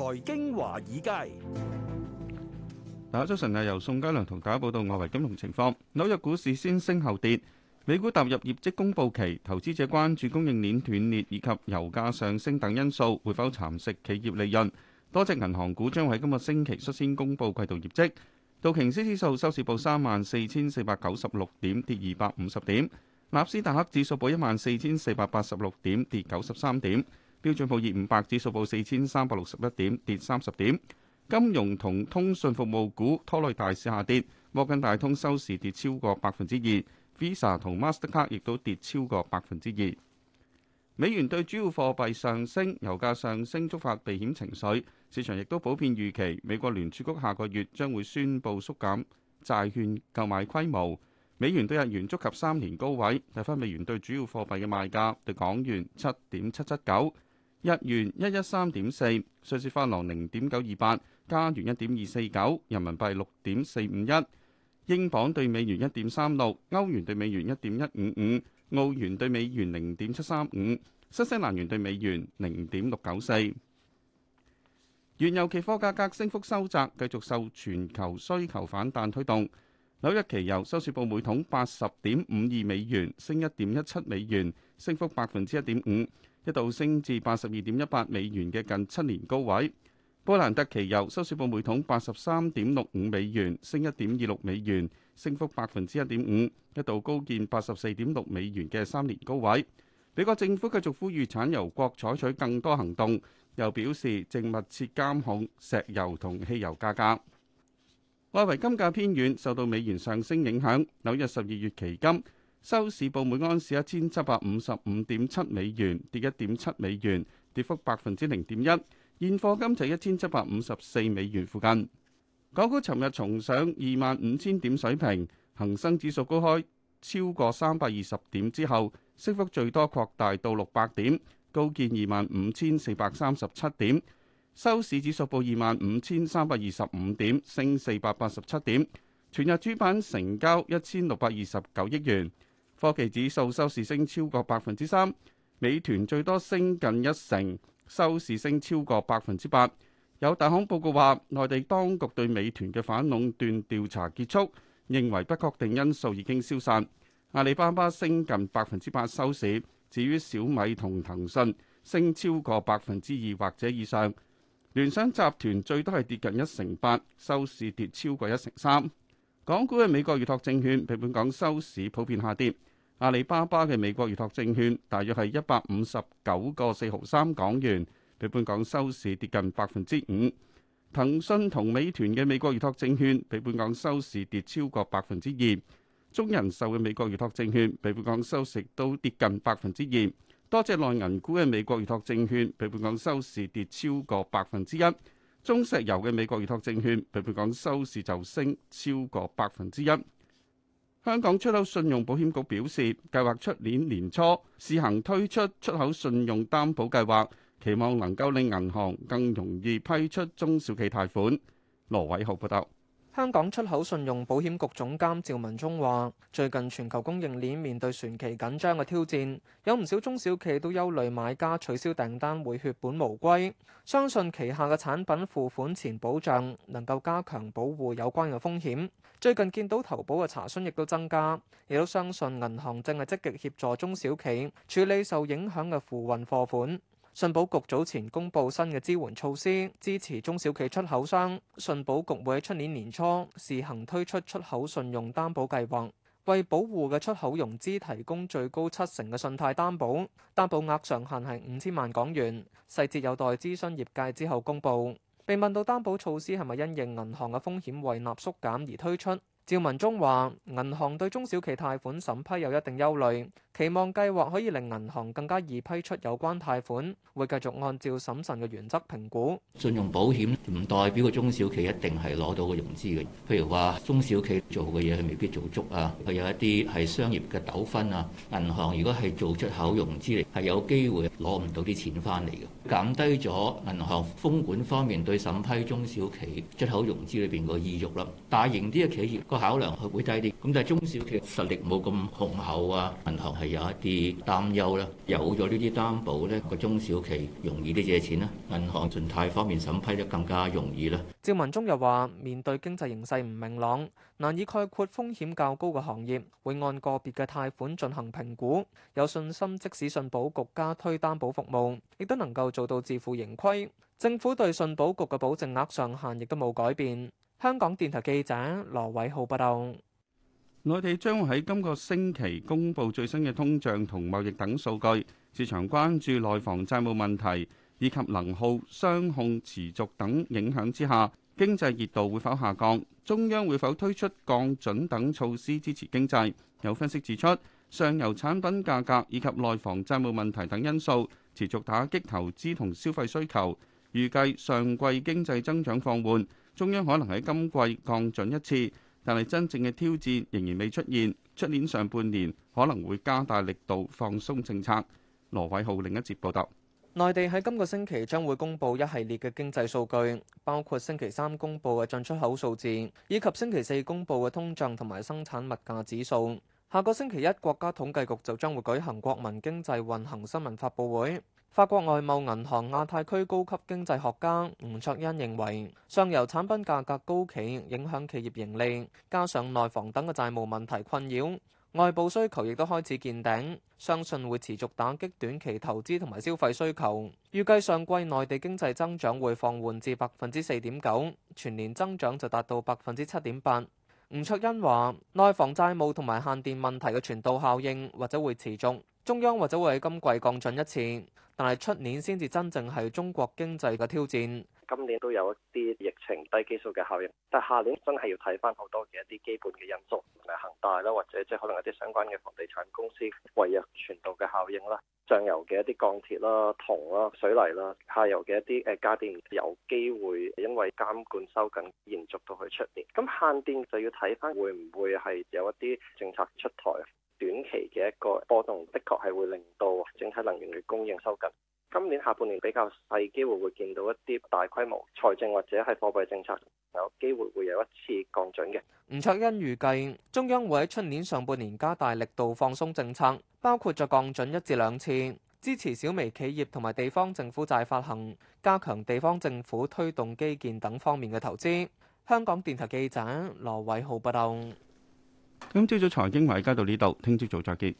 財經華爾街。大家早晨啊！由宋嘉良同大家報道外圍金融情況。紐約股市先升後跌，美股踏入業績公布期，投資者關注供應鏈斷裂以及油價上升等因素會否蠶食企業利潤。多隻銀行股將喺今日星期率先公布季度業績。道瓊斯指數收市報三萬四千四百九十六點，跌二百五十點。納斯達克指數報一萬四千四百八十六點，跌九十三點。標準普爾五百指數報四千三百六十一點，跌三十點。金融同通訊服務股拖累大市下跌，摩根大通收市跌超過百分之二，Visa 同 Mastercard 亦都跌超過百分之二。美元對主要貨幣上升，油價上升觸發避險情緒，市場亦都普遍預期美國聯儲局下個月將會宣布縮減債券購買規模。美元對日元觸及三年高位，睇返美元對主要貨幣嘅賣價，對港元七點七七九。日元一一三點四，瑞士法郎零點九二八，加元一點二四九，人民幣六點四五一，英鎊兌美元一點三六，歐元兌美元一點一五五，澳元兌美元零點七三五，新西蘭元兌美元零點六九四。原油期貨價格升幅收窄，繼續受全球需求反彈推動。紐約期油收市報每桶八十點五二美元，升一點一七美元，升幅百分之一點五。一度升至八十二點一八美元嘅近七年高位。布蘭特期油收市報每桶八十三點六五美元，升一點二六美元，升幅百分之一點五，一度高見八十四點六美元嘅三年高位。美國政府繼續呼籲產油國採取更多行動，又表示正密切監控石油同汽油價格。外圍金價偏軟，受到美元上升影響。紐約十二月期金，收市報每安士一千七百五十五點七美元，跌一點七美元，跌幅百分之零點一。現貨金就一千七百五十四美元附近。港股尋日重上二萬五千點水平，恒生指數高開超過三百二十點之後，升幅最多擴大到六百點，高見二萬五千四百三十七點。收市指數報二萬五千三百二十五點，升四百八十七點。全日主板成交一千六百二十九億元。科技指數收市升超過百分之三，美團最多升近一成，收市升超過百分之八。有大行報告話，內地當局對美團嘅反壟斷調查結束，認為不確定因素已經消散。阿里巴巴升近百分之八收市，至於小米同騰訊升超過百分之二或者以上。聯想集團最多係跌近一成八，收市跌超過一成三。港股嘅美國預託證券比本港收市普遍下跌。阿里巴巴嘅美國預託證券大約係一百五十九個四毫三港元，比本港收市跌近百分之五。騰訊同美團嘅美國預託證券比本港收市跌超過百分之二。中人壽嘅美國預託證券比本港收市都跌近百分之二。多隻內銀股嘅美國預託證券比本港收市跌超過百分之一。中石油嘅美國預託證券比本港收市就升超過百分之一。香港出口信用保險局表示，計劃出年年初試行推出出口信用擔保計劃，期望能夠令銀行更容易批出中小企貸款。羅偉浩報道。香港出口信用保險局總監趙文忠話，最近全球供應鏈面對船期緊張嘅挑戰，有唔少中小企都憂慮買家取消訂單會血本無歸，相信旗下嘅產品付款前保障能夠加強保護有關嘅風險。最近見到投保嘅查詢亦都增加，亦都相信銀行正係積極協助中小企處理受影響嘅付運貨款。信保局早前公布新嘅支援措施，支持中小企出口商。信保局會喺出年年初試行推出出口信用擔保計劃，為保護嘅出口融資提供最高七成嘅信貸擔保，擔保額上限係五千萬港元，細節有待諮詢業界之後公布。被問到擔保措施係咪因應銀行嘅風險胃納縮減而推出，趙文忠話銀行對中小企貸款審批有一定憂慮。期望計劃可以令銀行更加易批出有關貸款，會繼續按照審慎嘅原則評估。信用保險唔代表個中小企一定係攞到個融資嘅。譬如話中小企做嘅嘢佢未必做足啊，佢有一啲係商業嘅糾紛啊。銀行如果係做出口融資嚟，係有機會攞唔到啲錢返嚟嘅。減低咗銀行風管方面對審批中小企出口融資裏邊個意欲啦。大型啲嘅企業個考量會低啲，咁但係中小企實力冇咁雄厚啊，銀行。係有一啲擔憂啦，有咗呢啲擔保咧，個中小企容易啲借錢啦，銀行信貸方面審批得更加容易啦。趙文忠又話：面對經濟形勢唔明朗，難以概括風險較高嘅行業，會按個別嘅貸款進行評估，有信心即使信保局加推擔保服務，亦都能夠做到自負盈虧。政府對信保局嘅保證額上限亦都冇改變。香港電台記者羅偉浩報道。內地將喺今個星期公布最新嘅通脹同貿易等數據，市場關注內房債務問題以及能耗雙控持續等影響之下，經濟熱度會否下降？中央會否推出降準等措施支持經濟？有分析指出，上游產品價格以及內房債務問題等因素持續打擊投資同消費需求，預計上季經濟增長放緩，中央可能喺今季降準一次。但係真正嘅挑戰仍然未出現，出年上半年可能會加大力度放鬆政策。羅偉浩另一節報道，內地喺今個星期將會公布一系列嘅經濟數據，包括星期三公布嘅進出口數字，以及星期四公布嘅通脹同埋生產物價指數。下個星期一，國家統計局就將會舉行國民經濟運行新聞發佈會。法國外貿銀行亞太區高級經濟學家吳卓恩認為，上游產品價格高企影響企業盈利，加上內房等嘅債務問題困擾，外部需求亦都開始見頂，相信會持續打擊短期投資同埋消費需求。預計上季內地經濟增長會放緩至百分之四點九，全年增長就達到百分之七點八。吳卓恩話：內房債務同埋限電問題嘅傳導效應或者會持續，中央或者會喺今季降準一次，但係出年先至真正係中國經濟嘅挑戰。今年都有一啲疫情低基數嘅效應，但係下年真係要睇翻好多嘅一啲基本嘅因素，例如恒大啦，或者即係可能一啲相關嘅房地產公司違約傳導嘅效應啦。上游嘅一啲鋼鐵啦、銅啦、水泥啦，下游嘅一啲誒家電有機會因為監管收緊延續到去出年。咁限電就要睇返會唔會係有一啲政策出台，短期嘅一個波動，的確係會令到整體能源嘅供應收緊。今年下半年比較細機會會見到一啲大規模財政或者係貨幣政策，有機會會有一次降準嘅。吳卓欣預計中央會喺出年上半年加大力度放鬆政策，包括再降準一至兩次，支持小微企業同埋地方政府債發行，加強地方政府推動基建等方面嘅投資。香港電台記者羅偉浩報道。今朝早財經華爾街到呢度，聽朝早再見。